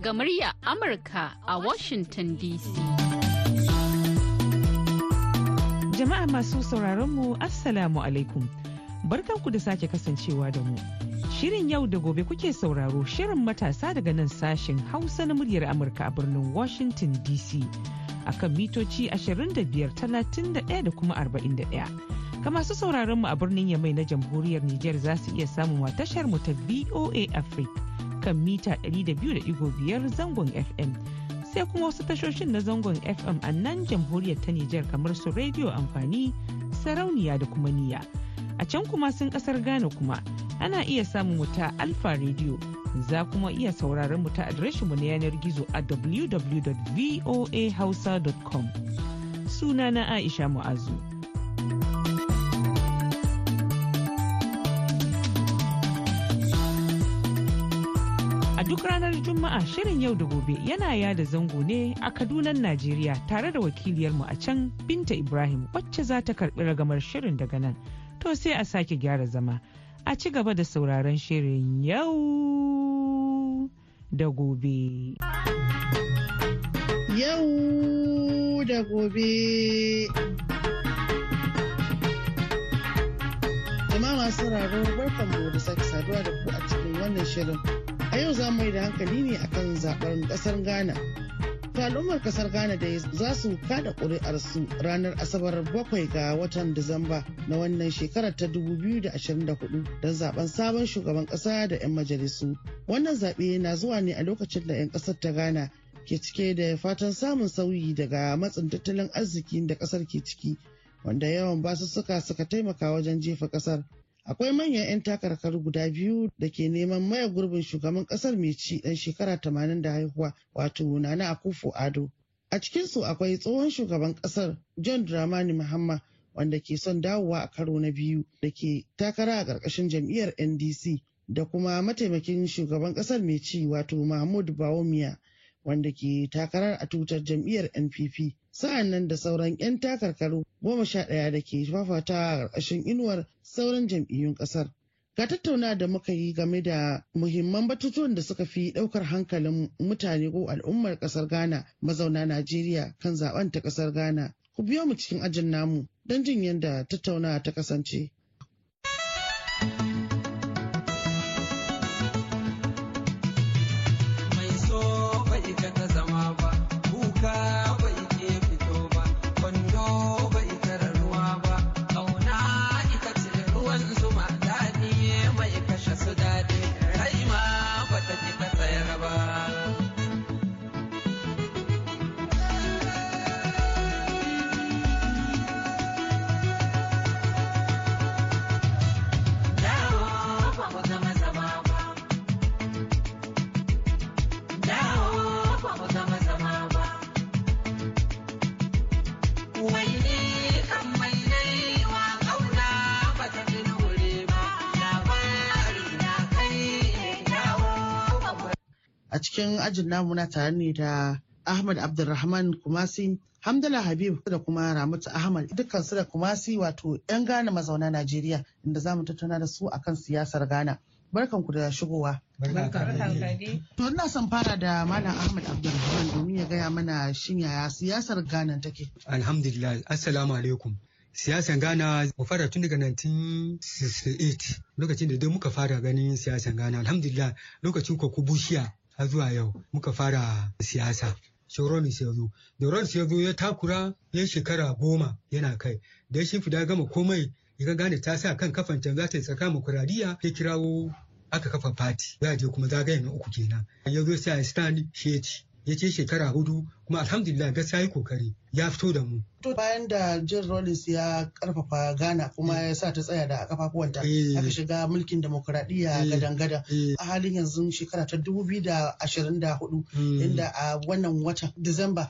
daga murya Amurka a Washington DC. Jama'a masu sauraron mu Assalamu alaikum. Barkanku da sake kasancewa da mu. Shirin yau da gobe kuke sauraro shirin matasa daga nan sashen Hausa na muryar Amurka a birnin Washington DC. A kan mitoci 25, 31 da kuma 41. Ka masu sauraron mu a birnin yamai na jamhuriyar Nijar za su iya samun tashar mu ta VOA Africa kan mita 200.5 zangon FM. Sai kuma wasu tashoshin na zangon FM a nan jamhuriyar ta Nijar kamar su rediyo amfani, sarauniya da kuma niya. A can kuma sun kasar Ghana kuma ana iya samun wuta Alfa Radio. Za kuma iya sauraron mu ta adireshinmu na yanar gizo a www.voahausa.com. Sunana Aisha Mu'azu. duk ranar Juma'a shirin yau da gobe yana yada zango ne a Kadunan Najeriya tare da wakiliyarmu a can Binta Ibrahim wacce za ta karbi ragamar shirin daga nan. To sai a sake gyara zama. A ci gaba da sauraron shirin yau da gobe. Yau da gobe. Jama'a masu raro barkanmu da sake saduwa da ku a cikin wannan shirin. a yau za mu yi da hankali ne akan zaɓen ƙasar ghana to al'ummar kasar ghana da za su kada ƙuri'arsu ranar asabar bakwai ga watan disamba na wannan shekarar ta 2024 don zaben sabon shugaban ƙasa da 'yan majalisu wannan zaɓe na zuwa ne a lokacin da 'yan ƙasar ta ghana ke cike da fatan samun sauyi daga matsin tattalin arzikin da ƙasar ke ciki wanda yawan basussuka suka taimaka wajen jefa ƙasar akwai manyan 'yan takarkar guda biyu da ke neman maya gurbin shugaban kasar mai ci dan shekara 80 da haihuwa wato nana akufo ado a cikinsu akwai tsohon shugaban kasar john dramani muhammad wanda ke son dawowa a karo na biyu da ke takara a ƙarƙashin jam'iyyar ndc da kuma mataimakin shugaban ƙasar mai ci wato mahmud bawumia wanda ke takarar a tutar jam'iyyar npp sa'an nan da sauran 'yan takarkaru goma sha ɗaya da ke fafata a ƙarƙashin inuwar sauran jam'iyyun ƙasar. Ga tattauna da muka yi game da muhimman batutuwan da suka fi ɗaukar hankalin mutane ko al'ummar ƙasar Ghana mazauna Najeriya kan zaɓen ta ƙasar Ghana. Ku biyo mu cikin ajin namu don jin yadda tattauna ta kasance. a cikin ajin namu na tare ne da Ahmad Abdulrahman Kumasi, Hamdala Habib da kuma Ramatu Ahmad dukkan su da Kumasi wato 'yan Ghana mazauna Najeriya inda zamu tattauna da su akan siyasar Ghana. Barkanku da shigowa. To ina son fara da Malam Ahmad Abdulrahman domin ya gaya mana shin yaya siyasar Ghana take. Alhamdulillah, Assalamu alaikum. Siyasar Ghana mu fara tun daga 1968 lokacin da dai muka fara ganin siyasar Ghana alhamdulillah lokacin Kwaku Bushiya har zuwa yau muka fara siyasa. Sauron ya zo. ron ya zo ya takura ya shekara goma yana kai. Da shi fida gama komai ya gane ta sa kan kafan can za ta yi tsaka mukurariya ya kirawo aka kafa fati. Za a je kuma zagaye na uku kenan. Ya zo a stand shi ya Ya ce shekara hudu kuma alhamdulillah gaskiya yi kokari ya fito da mu. To bayan da Jim Rollins ya karfafa Ghana kuma eh. ya sa ta tsaya da kafafuwanta eh. aka shiga mulkin demokuraɗiyya eh. gadan a halin yanzu shekara ta hudu. Hmm. inda a wannan watan Disamba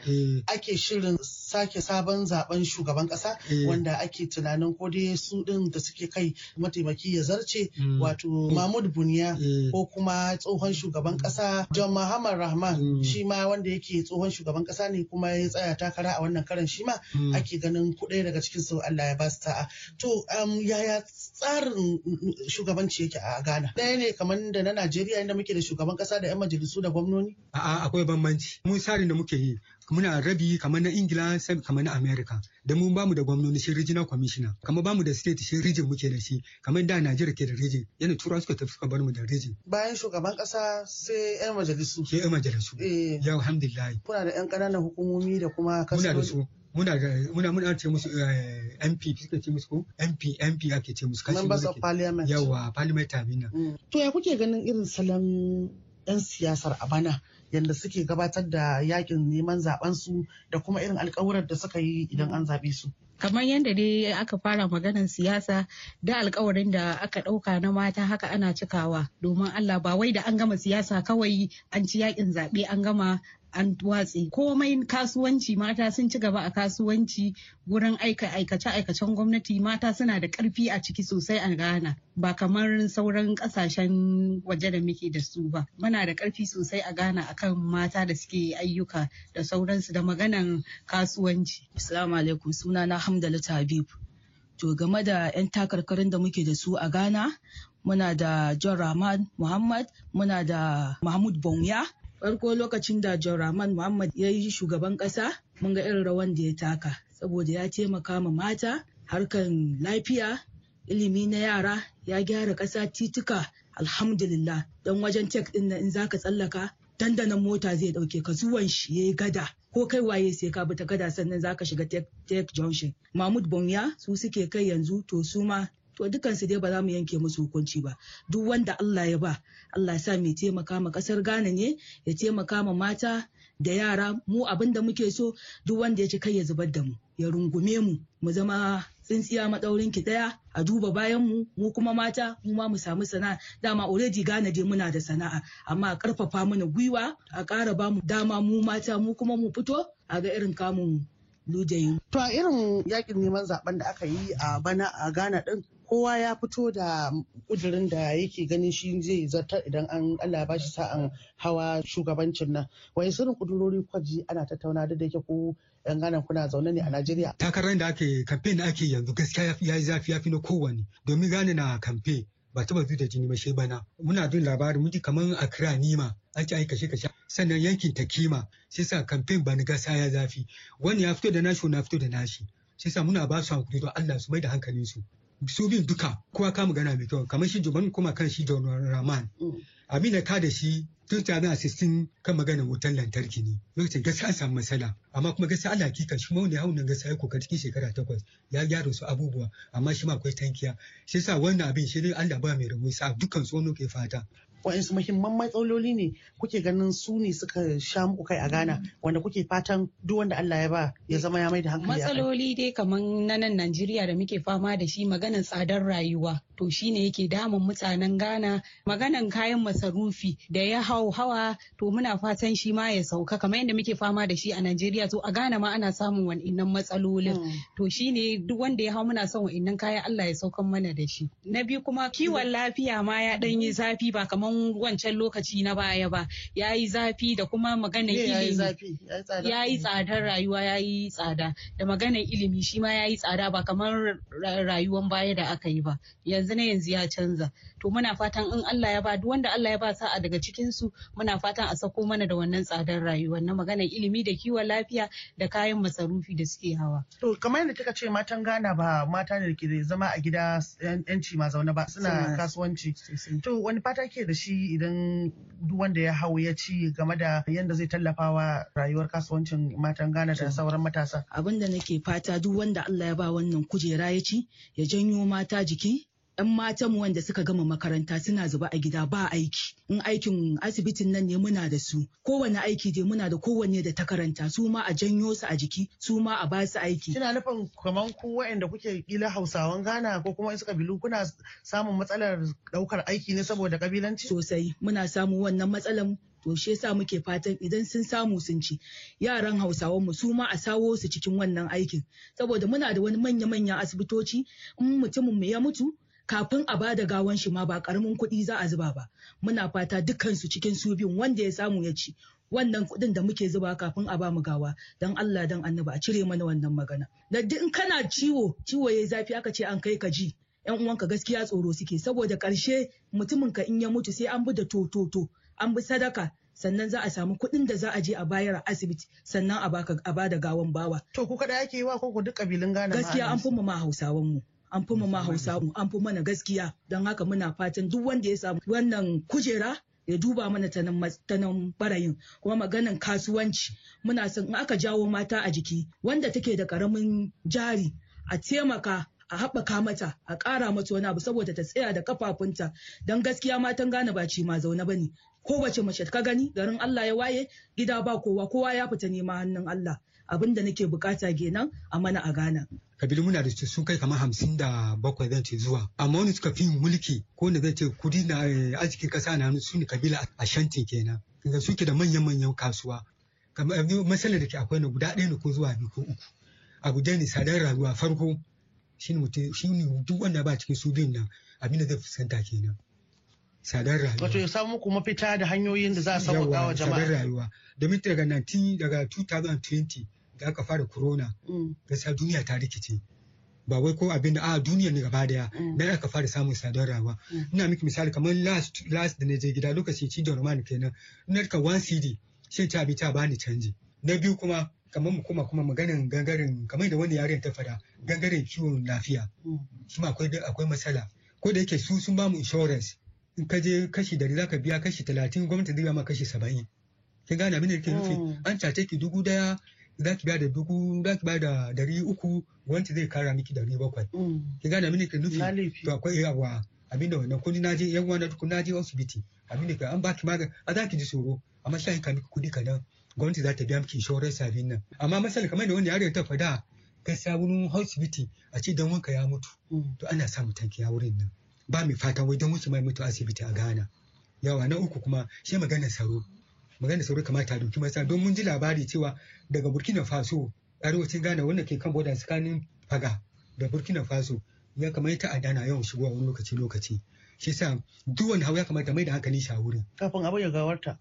ake shirin sake sabon zaben shugaban ƙasa wanda ake tunanin ko dai su ɗin da suke kai mataimaki ya zarce hmm. wato Mahmud Buniya ko kuma tsohon shugaban kasa John Mahama Rahman hmm. shi ma wanda yake tsohon shugaban kasa ne kuma ya tsaya takara a wannan karan shi ma hmm. ake ganin kudai daga cikin sau Allah ya ba su ta'a to um, yaya tsarin shugabanci yake a Ghana ɗaya ne kamar da na Najeriya inda muke da shugaban ƙasa da 'yan majalisu da gwamnoni a'a akwai bambanci mun tsarin da muke yi muna rabi kamar na ingila kamar na america da mun bamu da gwamnoni shi regional commissioner kamar bamu da state shi region muke da shi kamar da najeriya ke da region yana tura suka tafi suka bar mu da region bayan shugaban kasa sai yan majalisu sai yan majalisu eh ya alhamdulillah kuna da yan kananan hukumomi da kuma kasu muna da su muna muna muna ce musu eh, MP suka ce musu ko MP MP ake ce musu kashi members of parliament yawa parliament amina mm. to ya kuke ganin irin salon yan siyasar a bana yadda suke gabatar da yakin neman zaben su da kuma irin alkawuran da suka yi idan an zabe su kamar yadda dai aka fara maganar siyasa da alkawarin da aka ɗauka na mata haka ana cikawa domin Allah ba wai da an gama siyasa kawai an ci yakin zaɓe an gama an watse komai kasuwanci mata sun ci gaba a kasuwanci wurin aikace aikacen gwamnati mata suna da karfi a ciki sosai a Ghana ba kamar sauran kasashen waje da muke da su ba muna da karfi sosai a Ghana akan mata da suke ayyuka da sauransu da maganan kasuwanci assalamu alaikum suna na Hamdalata Habib to game da 'yan takarkarin da muke da su a Ghana muna da John Rahman Muhammad muna da Mahmud Bonya farko lokacin da Jauraman Muhammad ya yi shugaban ƙasa mun ga irin rawan da ya taka saboda ya taimaka ma mata harkan lafiya ilimi na yara ya gyara ƙasa tituka alhamdulillah don wajen tek ɗin in zaka tsallaka dandanan mota zai ɗauke ka zuwan shi ya yi gada ko kai waye sai ka bi ta gada sannan zaka shiga tek junction mahmud bonya su suke kai yanzu to su ma to dukansu dai ba za mu yanke musu hukunci ba duk wanda Allah ya ba Allah ya sa mai taimaka ma kasar Ghana ne ya taimaka ma mata da yara mu abin da muke so duk wanda ya ci kai ya zubar da mu ya rungume mu mu zama tsintsiya maɗaurin ki ɗaya a duba bayan mu mu kuma mata mu ma mu samu sana'a dama already gane dai muna da sana'a amma a karfafa mana gwiwa a ƙara ba mu dama mu mata mu kuma mu fito a ga irin kamun lujayin. To a irin yakin neman zaben da aka yi a bana a gana ɗin? kowa ya fito da kudirin da yake ganin shi zai zata idan an Allah ba shi sa'an hawa shugabancin nan wai sirrin kudurori kwaji ana tattauna da yake ko yan gana kuna zaune ne a Najeriya takarar da ake campaign da ake yanzu gaskiya ya yi zafi ya fi na kowane domin gane na campaign ba taba da jini ba shi bana muna jin labarin muji kamar Accra Nima an ci aika kashe sannan yankin Takima sai sa campaign ni gasa ya zafi wani ya fito da nashi na fito da nashi sai sa muna ba su hankali don Allah su mai da hankalin su su bin duka kuma ka magana mai kyau kamar shi Joban kuma kan shi John Rahman. Mm. Amina ka da shi tun ta na sistin kan magana wutan lantarki ne lokacin gaskiya an samu matsala amma kuma gaskiya Allah kika shi ma wanda ya hauna gaskiya ya kokari cikin shekara takwas ya gyara su abubuwa amma shi ma akwai tankiya shi sa wannan abin shi ne Allah ba mai rabo sa dukkan tsono ke fata waɗansu mahimman matsaloli ne kuke ganin su ne suka sha muku kai a Ghana mm. wanda kuke fatan duk wanda Allah ya ba ya zama ya mai da hankali matsaloli dai kaman na nan Najeriya da muke fama da shi maganar tsadar rayuwa to shine yake damun mutanen Ghana Maganar kayan masarufi da ya hau hawa to muna fatan shi ma ya sauka kamar yadda muke fama da shi a Najeriya to a Ghana ma ana samun wa'innan matsalolin mm. to shine duk wanda ya hau muna son wa'innan kayan Allah ya saukan mana da shi na biyu kuma kiwon lafiya ma ya ɗan yi zafi ba kamar kaman wancan lokaci na baya ba ya yi zafi da kuma maganar eh, ilimi ya yi tsadar rayuwa ya yi tsada da maganar ilimi shi ma ya yi tsada ba kamar rayuwan baya da aka yi ba yanzu na yanzu ya canza to muna fatan in Allah ya ba duk wanda Allah ya ba sa'a daga cikin su muna fatan a sako mana da wannan tsadar rayuwa na maganar ilimi da kiwon lafiya da kayan masarufi da suke hawa to kamar yadda kika ce matan Ghana ba mata ne da ke zama a gida yanci ma zaune ba suna kasuwanci to wani fata ke da shi idan duk wanda ya hau ya ci game da yadda zai tallafawa rayuwar kasuwancin matan Ghana da sauran matasa abin da nake fata duk wanda Allah ya ba wannan kujera ya ci ya janyo mata jiki 'yan matan wanda suka gama makaranta suna zuba a gida ba aiki in aikin asibitin nan ne muna da su kowane aiki dai muna da kowanne da ta karanta su ma a janyo su a jiki su ma a ba aiki kina nufin kamar ku wa'anda kuke kila hausawan Ghana ko kuma wasu kabilu kuna samun matsalar ɗaukar aiki ne saboda kabilanci sosai muna samun wannan matsalar to shi yasa muke fatan idan sun samu sun ci yaran hausawan mu su ma a sawo su cikin wannan aikin saboda muna da wani manya-manyan asibitoci in mutumin mu ya mutu kafin a bada gawan shi ma ba karamin kuɗi za a zuba ba muna fata dukkan cikin su biyun wanda ya samu ya ci wannan kuɗin da muke zuba kafin a ba mu gawa dan Allah dan annaba a cire mana wannan magana da in kana ciwo ciwo yayi zafi aka ce an kai ka ji yan uwanka gaskiya tsoro suke saboda karshe mutumin ka in ya mutu sai an bi da to to to an bi sadaka sannan za a samu kuɗin da za a je a bayar a asibiti sannan a baka a bada gawan bawa to ku kada yake yi wa koko duk ƙabilun Ghana gaskiya an fi mu ma Hausawan mu an fi ma hausa an fi mana gaskiya don haka muna fatan duk wanda ya samu wannan kujera ya duba mana ta barayin kuma maganan kasuwanci muna son in aka jawo mata a jiki wanda take da karamin jari a taimaka a haɓaka mata a ƙara mata wani abu saboda ta tsaya da kafafunta don gaskiya matan gane ba ci ma zaune ba bane kowace mace ka gani garin Allah ya waye gida ba kowa kowa ya fita nema hannun Allah abin da nake bukata kenan a mana a Ghana kabilu muna da sun kai kamar hamsin da bakwai zan ce zuwa amma wani suka fi mulki ko ne zan ce kudi na eh, arzikin kasa na su ne kabila shantin kenan su suke da manyan-manyan kasuwa kamar eh, matsalar da ke akwai na guda ɗaya ne ko zuwa biyu ko uku a guda ne sadar rayuwa farko shi ne duk wanda ba cikin su biyun nan abin da zai fuskanta kenan sadar rayuwa. Wato ya samu muku mafita da hanyoyin da za a sauƙaƙa wa jama'a. Sadar rayuwa. Domin daga 19 daga 2020 da aka fara corona mm. gaskiya duniya ta rikice ba wai ko abin da a duniya ne gaba daya da mm. aka fara samun sadar rayuwa mm. ina miki misali kamar last last da na je gida lokaci ci da roman kenan na ka one cd sai ta bi ta bani canji na biyu kuma kamar mu kuma kuma maganin gangaren kamar da wani yaren ta fada gangaren ciwon lafiya kuma akwai akwai matsala ko da yake su sun bamu insurance in ka je kashi dari zaka biya kashi talatin gwamnati zai ma kashi saba'in kin gane abin da ke nufi an cace ki dubu daya za ki bada dubu za ki bada dari uku wanda zai kara miki dari bakwai. Mm. Ki gane mini ka nufi to akwai yawa abinda wannan kuni na je yan wani tukun na je asibiti abinda ka an baki magani a za ki ji tsoro amma sha ka miki kudi kadan gwamnati za ta biya miki inshorar sabin nan amma masal kamar da wani yare ta fada ka sa wurin asibiti a ce dan wanka ya mutu mm. to ana sa mutan ya wurin nan ba mai fata wai dan wuce mai mutu asibiti a Ghana yawa na uku kuma shi magana tsaro magana sauri kamar ta doki masa don mun ji labari cewa daga burkina faso arewacin ghana wanda ke kan boda tsakanin faga da burkina faso ya kamata a dana yawan shigowa wani lokaci lokaci shi sa duk wani hau ya kamata mai da hankali shi a wurin kafin abin ya gawarta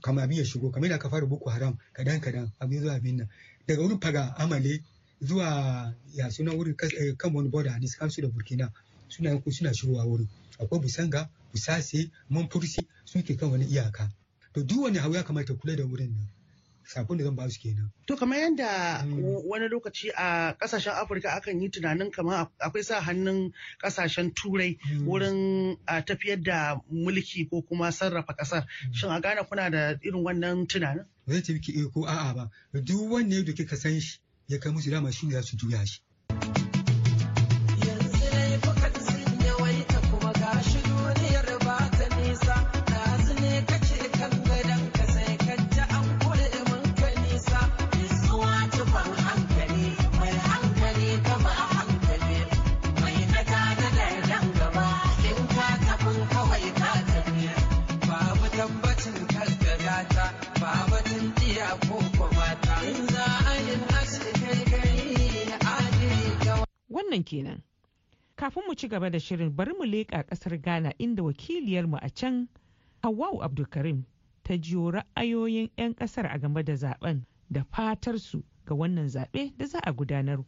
kama abin ya shigo kamar da ka fara boko haram kadan kadan abin zuwa abin nan daga wurin faga amale zuwa ya suna wurin eh, kan wani boda ne su da burkina suna yanku suna shigowa wurin akwai busanga busase manfursi sun ke kan wani iyaka to duk wani hau ya kamata kula da wurin nan sakon da zan ba su kenan. To kamar yadda hmm. wani lokaci a kasashen Afirka akan yi tunanin kamar akwai sa hannun kasashen turai hmm. wurin tafiyar da mulki ko kuma sarrafa kasar. Hmm. Shin a Ghana kuna da irin wannan tunanin? Ba zai tafi eh, ko a'a ba. Duk wanne da kika san shi ya kai musu dama shi ne za su juya shi. Wannan kenan. Kafin mu ci gaba da shirin bari mu leƙa ƙasar Ghana inda wakiliyarmu a can Hawwau Abdulkarim ta jiyo ra'ayoyin 'yan ƙasar a game da zaben da fatarsu ga wannan zaɓe da za a gudanar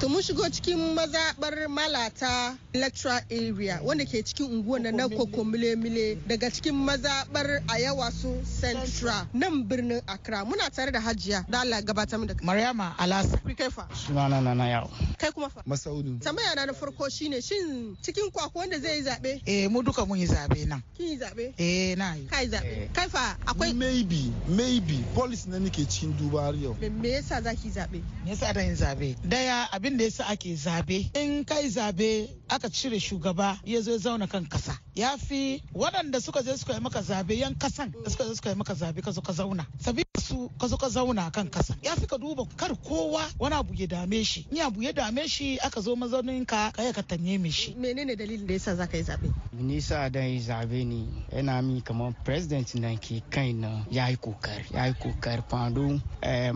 To mun shigo cikin mazaɓar malata electoral area wanda ke cikin unguwar na koko mile-mile daga cikin mazaɓar a yawa su central nan birnin Accra. Muna tare da hajiya da Allah gabatar da Maryama Alasa. Kai fa? Sunana na yawo. Kai kuma fa? Masaudu. Tambaya na na farko shine shin cikin kwaku wanda zai yi zaɓe? Eh mu duka mun yi zaɓe nan. Kin yi zaɓe? Eh na yi. Kai zaɓe. Eh. Kai fa akwai? Maybe maybe police na nake cikin duba yau. Me yasa zaki zaɓe? Me yasa da yin zaɓe? Daya abin da yasa ake zabe in kai zabe aka cire shugaba ya zo zauna kan kasa ya fi waɗanda suka je suka yi maka zabe yan kasan da suka je suka yi maka zabe ka zo ka zauna sabi su ka zo ka zauna kan kasa ya fi ka duba kar kowa wani abu ya dame shi ni abu ya dame shi aka zo mazaunin ka kai ka tanye mi shi menene dalilin da yasa ka yi zabe nisa da yi zabe ni yana mi kamar president nan ke kai na ya yi kokari ya yi kokari fando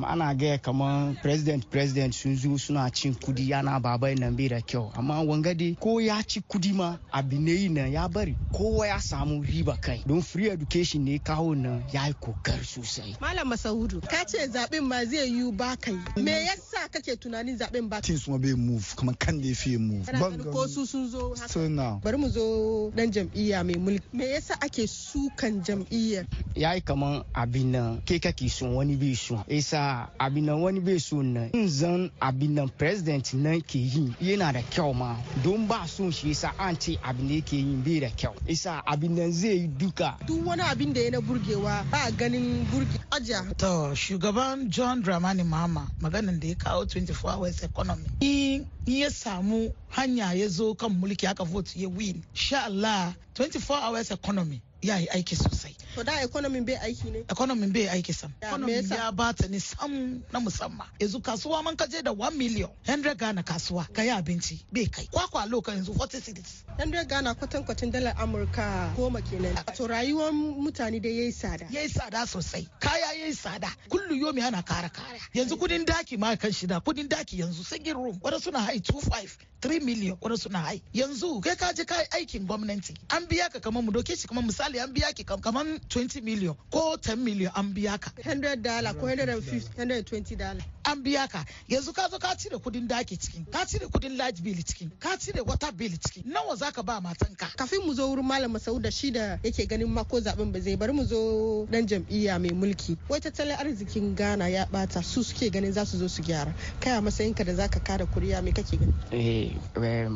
ana gaya kamar president president sun zo suna cin kudi yana babai nan bai da kyau amma wangade ko ya ci kudi ma abu ne nan ya bari kowa ya samu riba kai don free education ne kawo nan ya yi kokari sosai malam masaudu ka ce zaben ma zai yi ba kai me yasa kake tunanin zaben ba tins ma bai move kamar kan da fi move ban ko su sun zo haka bari mu zo dan jam'iyya mai mulki me yasa ake sukan jam'iyyar yi kaman abin nan ke kake son wani bai son isa abin nan wani bai son nan in zan abin nan president president nan ke yi yana da kyau ma don ba son shi yasa an ce abin da yake yi bai da kyau isa abin nan zai yi duka duk wani abin da ya na burgewa ba ganin burge aja to shugaban john dramani mahama maganin da ya kawo 24 hours economy in ya samu hanya ya zo kan mulki aka vote ya win sha Allah 24 hours economy ya yi aiki sosai. To da economy bai aiki ne? Economy bai aiki sam. Economy ya bata ni sam na musamman. Yanzu kasuwa man kaje da 1 million. 100 Ghana kasuwa ka yi abinci bai kai. Kwakwa loka yanzu 40 cities. 100 Ghana kwatan dalar Amurka goma kenan. To rayuwar mutane dai yayi tsada. Yayi tsada sosai. Kaya yayi tsada. Kullu yomi ana kara kara. Yanzu kudin daki ma kan shida. Kudin daki yanzu singin room. Wanda suna hai 25 3 million wanda suna hai. Yanzu kai ka je ka aikin gwamnati. An biya ka kamar mu doke shi kamar misali misali an biya ki kaman 20 million ko 10 million an biya ka 100 dollar ko 120 dollar an biya ka yanzu ka zo ka cire kudin daki cikin ka cire kudin light bill cikin ka cire water bill cikin nawa zaka ba matanka kafin mu zo wurin malam Sauda shi da yake ganin ko zaben ba zai bari mu zo dan jam'iyya mai mulki wai tattalin arzikin gana ya bata su suke ganin za su zo su gyara kaya ka da zaka kara kuriya mai kake gani eh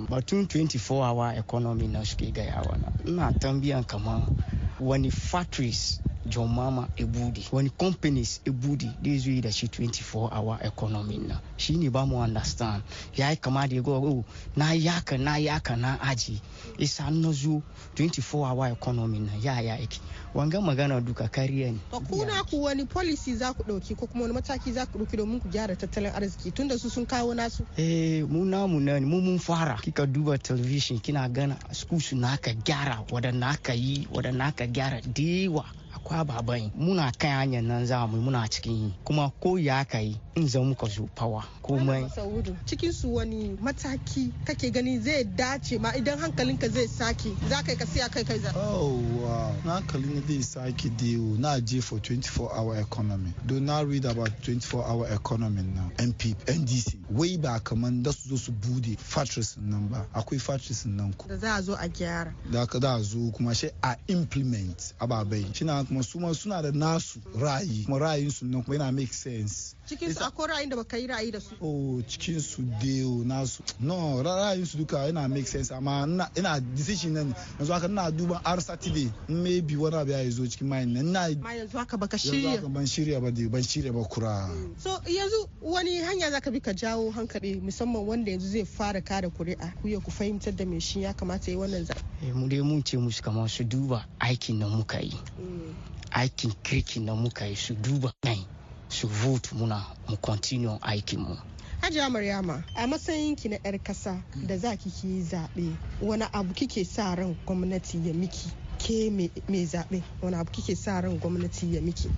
batun 24 hour economy na suke gaya na ina tambayan kamar wani factories John Mama Ebudi, wani companies Ebudi, da zuwa da shi 24 hour wa economy shi ne ba mu understand ya yi kama da yago oh, na yaka na yaka na aji isa nazo 24 hour economy na ya ya yake wangan magana duka kariya ne ba kuna ku wani policy za ku dauki ko kuma wani mataki za ku dauki domin ku gyara tattalin arziki tunda su sun kawo nasu eh mu namu ni, mu mun fara kika duba television kina gana school su naka gyara wadanda aka yi wadanda aka gyara dewa akwa baban muna kan hanyar nan za mu muna cikin yi kuma ko ya ka yi in zan muka zo fawa komai cikin su wani mataki kake gani zai dace ma idan hankalinka zai sake za ka yi ka siya kai kai za oh wow na hankalin Nnamdi Sakideo na je for 24 hour economy. Don na read about 24 hour economy na MP, NDC. Wai ba kaman da su zo factories nan ba. Akwai factories nan ku. Da za a zo a gyara. Da ka da zo kuma shi a implement ababai. Shi na kuma su suna da nasu ra'ayi. Kuma ra'ayin su nan kuma yana make sense. Cikin su akwai ra'ayin da baka yi ra'ayi da su. Oh cikin su deo nasu. No ra'ayin su duka yana make sense amma ina decision nan yanzu haka ina duban R Saturday maybe wani abu ya yi zo cikin mayan nan na yanzu haka baka shirya yanzu haka ban shirya ba ban shirya ba kura so yanzu wani hanya zaka bi ka jawo hankali musamman wanda yanzu zai fara kada kuri'a ku ya ku fahimtar da me shi ya kamata yi wannan zaɓe eh, mu dai mun ce musu kamar su duba aikin na muka yi mm. aikin kirkin na muka yi su duba nan su vote muna mu continue aikin mu Hajiya Maryama a matsayinki ki na 'yar kasa da za ki ki zaɓe wani abu kike sa ran gwamnati ya miki ke mai zaɓe wani abu kike sa ran gwamnati ya miki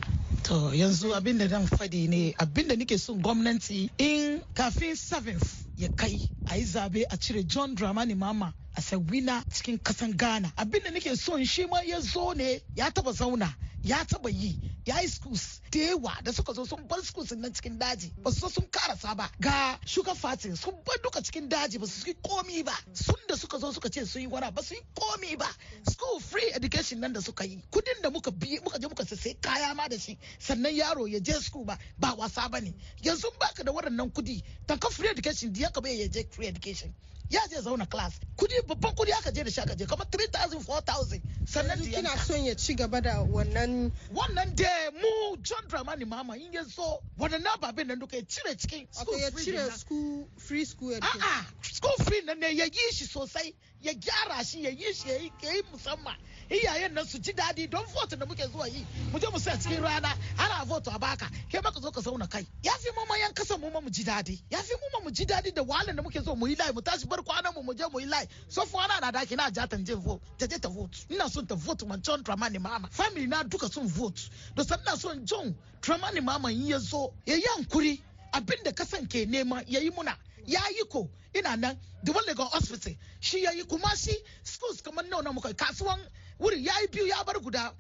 to yanzu abin da dan fadi ne abin da nike son gwamnati in kafin 7th ya kai a yi zabe a cire john dramani mama a sabina cikin kasan ghana abin da nake son shi ma ya zo ne ya taba zauna ya taba yi ya yi schools da yawa da suka zo sun bar schools nan cikin daji ba su sun karasa ba ga shuka fatin sun bar duka cikin daji ba su yi komi ba sun da suka zo suka ce sun yi wara ba su yi komi ba school free education nan da suka yi kudin da muka bi muka je muka sai kaya ma da shi sannan yaro ya je school ba ba wasa ba ne yanzu baka da waɗannan kudi tanka free education da ya kaba ya je free education ya je zauna class kudi babban kudi aka je da shi aka je kamar 3000 4000 sannan da kina son ya ci gaba da wannan wannan da mu John Dramani Mama in ya so wannan ababen nan duka ya cire cikin school ya school free school education a'a school free nan ne ya yi shi sosai ya gyara shi ya yi shi ya yi musamman iyayen nan su ji daɗi don vote da muke zuwa yi mu je mu sa cikin rana ana vote a baka kai maka zo ka zauna kai ya fi mu yan kasan mu ma mu ji daɗi ya fi mu ma mu ji daɗi da wahalar da muke zo mu yi mu tashi bar kwanan mu mu je mu yi layi sofu ana na daki na ja ta je vote ta je ta vote ina son ta vote John Dramani mama family na duka sun vote da san ina son john Dramani mama in ya ya yi hankuri abin kasan ke nema ya yi muna ya yi ko ina nan duban Legon hospital shi ya yi kuma shi schools kamar nauna muka kasuwan wuri ya yi biyu ya bar guda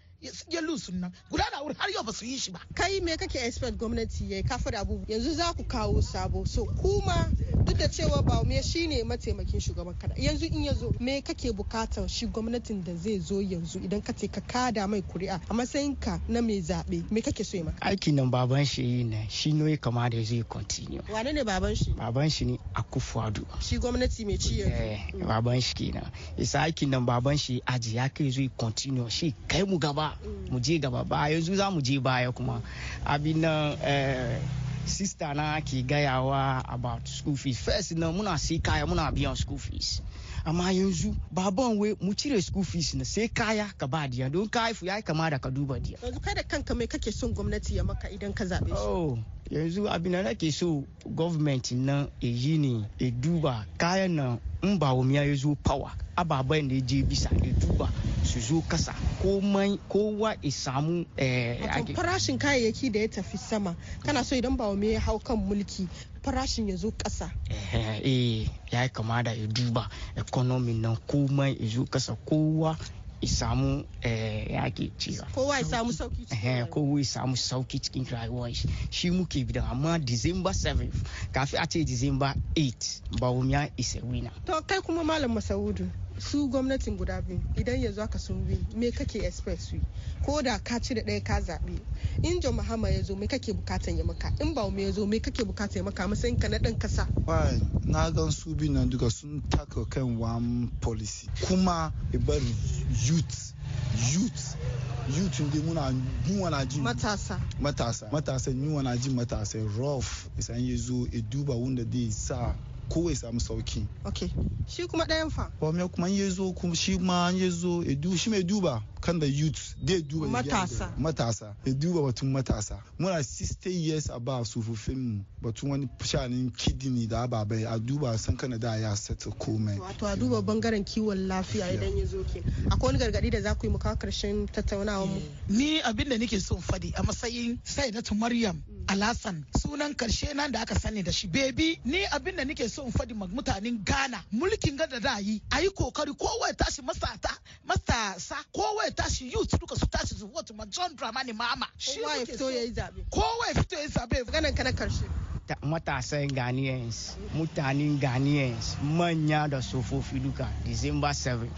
ya lusu nan guda na wuri har yau ba su yi shi ba kai me kake expect gwamnati ya kafa da abubuwa yanzu za ku kawo sabo so kuma duk da cewa ba me shine mataimakin shugaban kada yanzu in ya zo me kake bukatar shi gwamnatin da zai zo yanzu idan ka ce ka kada mai kuri'a a matsayin ka na mai zaɓe me kake so ma aiki nan baban shi yi ne shi ne kama da zai continue wane ne baban shi baban shi ne akufuadu shi gwamnati mai ci yanzu eh, baban shi kenan isa aiki nan baban shi aji ya kai zai continue shi kai mu gaba mm. mu je gaba ba yanzu za mu je baya kuma abin nan eh, sista na ke gayawa about school fees first na muna si kaya muna biyan school fees amma yanzu baban we mu cire school fees na sai kaya ka ba diya don ka haifu yayi kama da ka duba diya yanzu kai da kanka mai kake son gwamnati ya maka idan ka zabe shi oh, yanzu abin da nake so government nan e yi ne e duba kayan nan in ba wumiya ya zo power ababen da je bisa e duba su zo kasa kowa a samu eh, farashin kayayyaki da ya tafi sama kana so idan ba me hau kan mulki farashin ya zo kasa. Eh, eh, ya kama da ya duba economy nan komai ya zo kasa kowa isamu eh, ke cewa kowa isamu sauki isamu sauki cikin rayuwar shi shi muke bidan amma december 7 kafin a ce december 8 ba ya isa wina to kai kuma malam masaudu su gwamnatin guda biyu idan yanzu aka sun bi me kake expect su ko da ka da ɗaya ka zaɓe in john mahama ya zo me kake bukatan ya maka in ba me ya zo me kake bukatan ya maka matsayin ka na ɗan kasa. na gan su bi nan duka sun taka kan one policy kuma ibar youth youth youth ɗin muna yiwa na ji matasa matasa matasa yiwa na ji matasa rough isan ya zo ya duba wanda dai sa kowa ya samu sauki ok shi kuma ɗayan fa kuma kuma ya zo kuma shi ma ya zo shi mai duba kan da youth dai duba matasa matasa ya duba batun matasa muna 60 years above sufufin batun wani shanin kidini da ababai a duba san kana da ya sata komai wato a duba bangaren kiwon lafiya idan ya zo ke akwai wani gargadi da za ku yi mu kawo karshen tattaunawar mu eh. ni abin da nake son fadi a matsayin Sayyidatu maryam mm. alasan sunan karshe nan da aka sani da shi baby ni abin da nake so in faɗi mutanen Ghana mulkin gada da yi a yi kokari kowai tashi masata matasa kowai tashi youth duka su tashi su vote ma John Dramani Mama. Kowa ya fito ya yi zabe. Kowai fito ya yi zabe. Ganin ka na karshe. matasan Ghanaians, mutanen Ghanaians, manya da sofofi duka, December 7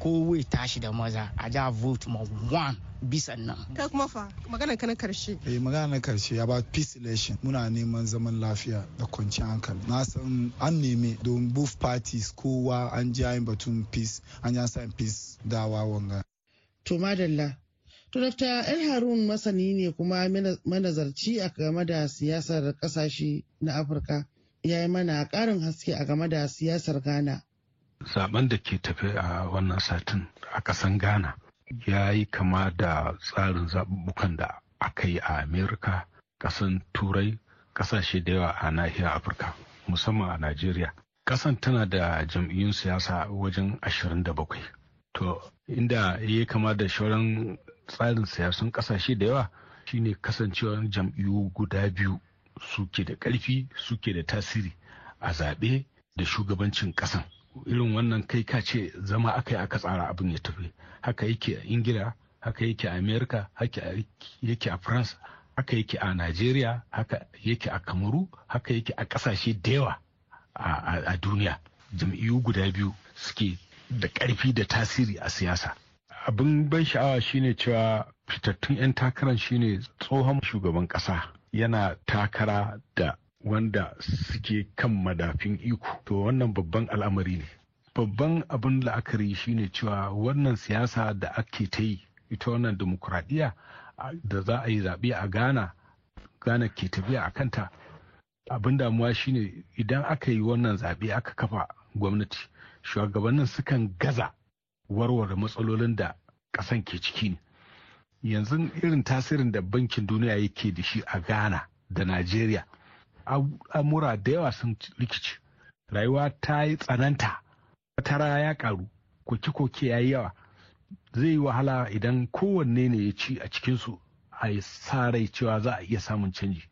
kowai tashi da maza a ja vote ma one bisa nan. Kai kuma fa magana na karshe. Eh magana na karshe about peace election muna neman zaman lafiya da kwanciyar hankali. Na san an neme don both parties kowa an ji ayin batun peace an ya sa peace dawa wanga. To madalla. To Dr. El Harun masani ne kuma manazarci a game da siyasar kasashe na Afirka. Ya yi mana karin haske a game da siyasar Ghana. zaben da ke tafi a wannan satin a ƙasan ghana ya yi kama da tsarin zaɓuɓɓukan da aka yi a amerika ƙasan turai ƙasashe da yawa a nahiyar afirka musamman a najeriya ƙasan tana da jam'iyyun siyasa wajen 27 to inda ya kama da shauran tsarin siyasun ƙasashe da yawa shine kasancewar jam'iyyu guda biyu suke da ƙarfi suke da tasiri a zaɓe da shugabancin ƙasan irin wannan kai ka ce zama aka yi aka tsara abin ya tafi haka yake a ingila haka yake a amerika haka yake a france haka yake a nigeria haka yake a kamaru haka yake a kasashe da yawa a duniya jam'iyyu guda biyu suke da ƙarfi da tasiri a siyasa abin ban sha'awa shine cewa fitattun 'yan takarar shine tsohon shugaban ƙasa yana takara da wanda suke kan madafin iko to wannan babban al'amari ne babban abin la'akari shine cewa wannan siyasa da ake ta yi ita wannan demokuraɗiyya da za a yi zaɓe a ghana ghana ke tafiya a kanta abin damuwa shine idan aka yi wannan zaɓe aka kafa gwamnati shugabannin sukan gaza warware matsalolin da ƙasan ke ciki ne yanzu irin tasirin da bankin duniya yake da shi a ghana da najeriya al'amura da yawa sun rikici rayuwa ta yi tsananta tara ya karu koke-koke ya yi yawa zai yi wahala idan kowanne ne ya ci a cikinsu a sa rai cewa za a iya samun canji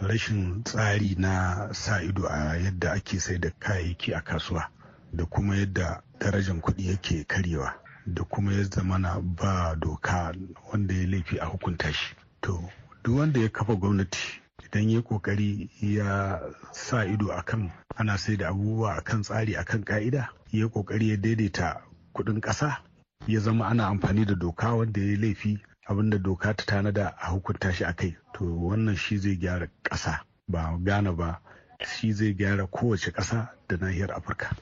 rashin tsari na sa ido a yadda ake sai da kayayyaki a kasuwa da kuma yadda darajan kuɗi yake karewa da kuma ya zamana ba doka wanda ya laifi a hukunta shi to duk wanda ya kafa gwamnati don yi kokari ya sa ido akan ana sai da abubuwa akan tsari akan ka'ida ya kokari ya daidaita kudin ƙasa ya zama ana amfani da doka wanda ya laifi abinda doka ta tanada a hukunta shi a kai to wannan shi zai gyara ƙasa ba gane ba shi zai gyara kowace ƙasa da nahiyar afirka.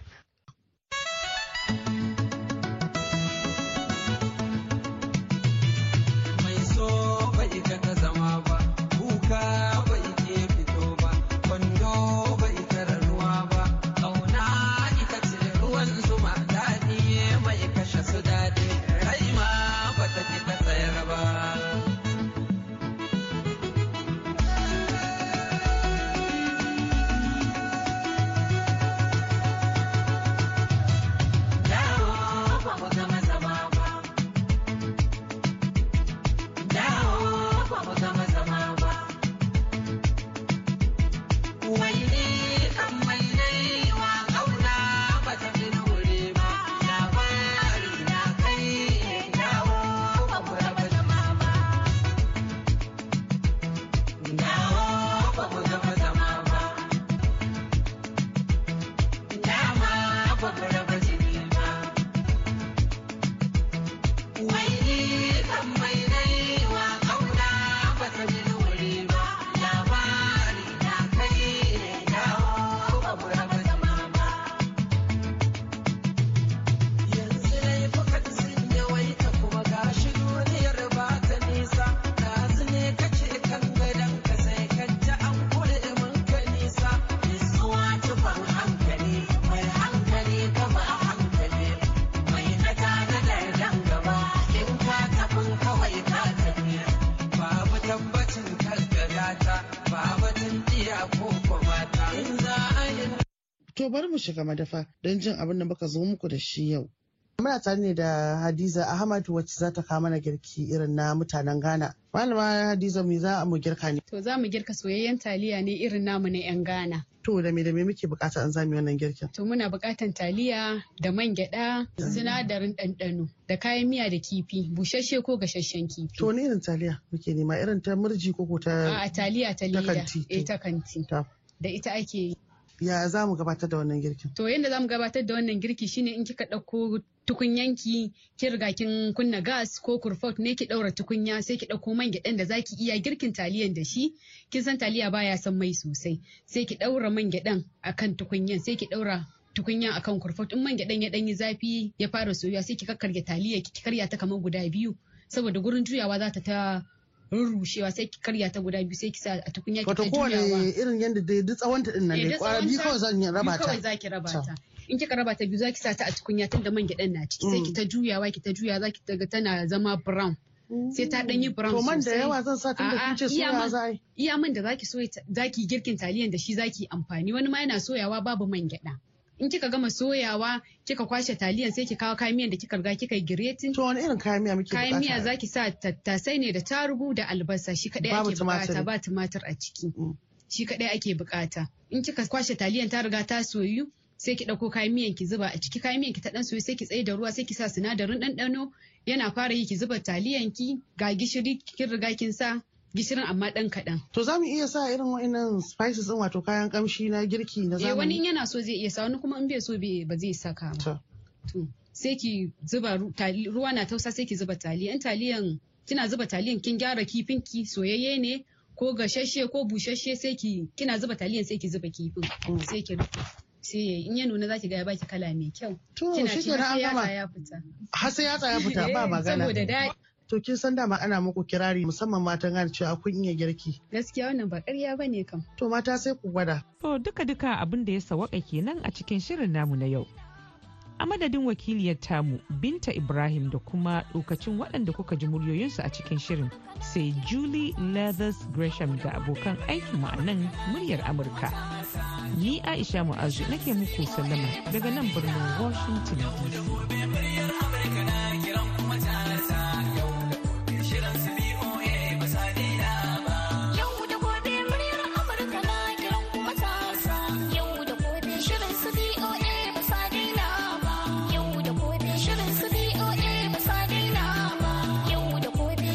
shiga madafa don jin abin da muka zo muku da shi yau. Muna tare ne da Hadiza Ahmad wacce za ta kama na girki irin na mutanen Ghana. Malama Hadiza me za mu girka ne? To za mu girka soyayyen taliya ne irin namu na 'yan Ghana. To da me da me muke bukata an zami wannan girkin? To muna bukatan taliya da man gyada, sinadarin ɗanɗano, da kayan miya da kifi, busasshe ko gasasshen kifi. To ne irin taliya muke nema irin ta murji ko ko ta? A taliya ta leda. Eh, ta kanti. ta kanti. Da ita ake yi. ya za mu gabatar da wannan girkin to yadda za mu gabatar da wannan girki shine in kika ɗauko tukunyanki ki riga kin kunna gas ko kurfot ne ki ɗaura tukunya sai ki ɗauko man gyaɗan da zaki iya girkin taliyan da shi kin san taliya baya san mai sosai sai ki ɗaura man gyaɗan akan tukunyan sai ki ɗaura tukunya akan kurfot in man gyaɗan ya ɗan yi zafi ya fara soyuwa sai ki kakkarya taliya ki karya ta kamar guda biyu saboda gurin juyawa za ta ta rurrushewa sai ki karya ta guda biyu sai ki sa a tukunya ki ta juyawa irin yanda dai duk tsawonta din nan dai eh, kwara biyu kawai zan raba ta kawai zaki raba ta in kika raba ta biyu zaki sa ta a tukunya tunda man gyaɗan na ciki sai mm. ki ta juyawa ki ta juya zaki ta ga tana zama brown sai ta ɗanyi yi brown sosai. To man da yawa zan sa tun da kin ce soya yi. Iya man da zaki soya zaki girkin taliyan da shi zaki amfani wani ma yana soyawa babu man gyaɗa. in kika gama soyawa kika kwashe taliyan sai ki kawo kayan miya da kika riga kika yi giretin. To wani irin kayan miya muke bukata? Kayan miya zaki sa tattasai ne da tarugu da albasa shi kadai ake bukata ba tumatir a ciki. Mm. Shi kadai ake bukata. In kika kwashe taliyan ta riga ta soyu sai ki dauko kayan miyan ki zuba a ciki kayan miyan ki ta dan soyu sai ki tsaye da ruwa sai ki sa sinadarin dandano yana fara yi ki zuba taliyan ki ga gishiri kin riga kin sa gishirin amma dan kaɗan. To za mu iya sa irin wa'annan spices din wato kayan kamshi na girki na zamani. Eh wani yana so zai iya sa wani kuma in bai so bai ba zai saka ba. To sai ki zuba ruwa na tausa sai ki zuba taliya in taliyan kina zuba taliyan kin gyara kifin ki soyayye ne ko gashashe ko bushashe sai ki kina zuba taliyan sai ki zuba kifin mm. sai ki sai in ya nuna ki ga ya baki kala mai kyau. To shi ke na an gama. Har sai yatsa ya fita ba eh, magana. Saboda daɗi. to kin san dama ana muku kirari musamman matan gane cewa kun iya girki gaskiya wannan ba ƙarya bane kam to mata sai ku gwada to duka duka abin da ya sawaka kenan a cikin shirin namu na yau a madadin wakiliyar tamu binta ibrahim da kuma lokacin waɗanda kuka ji muryoyinsu a cikin shirin sai julie leathers gresham da abokan aikin ma'anan muryar amurka ni aisha mu'azu nake muku sallama daga nan birnin washington dc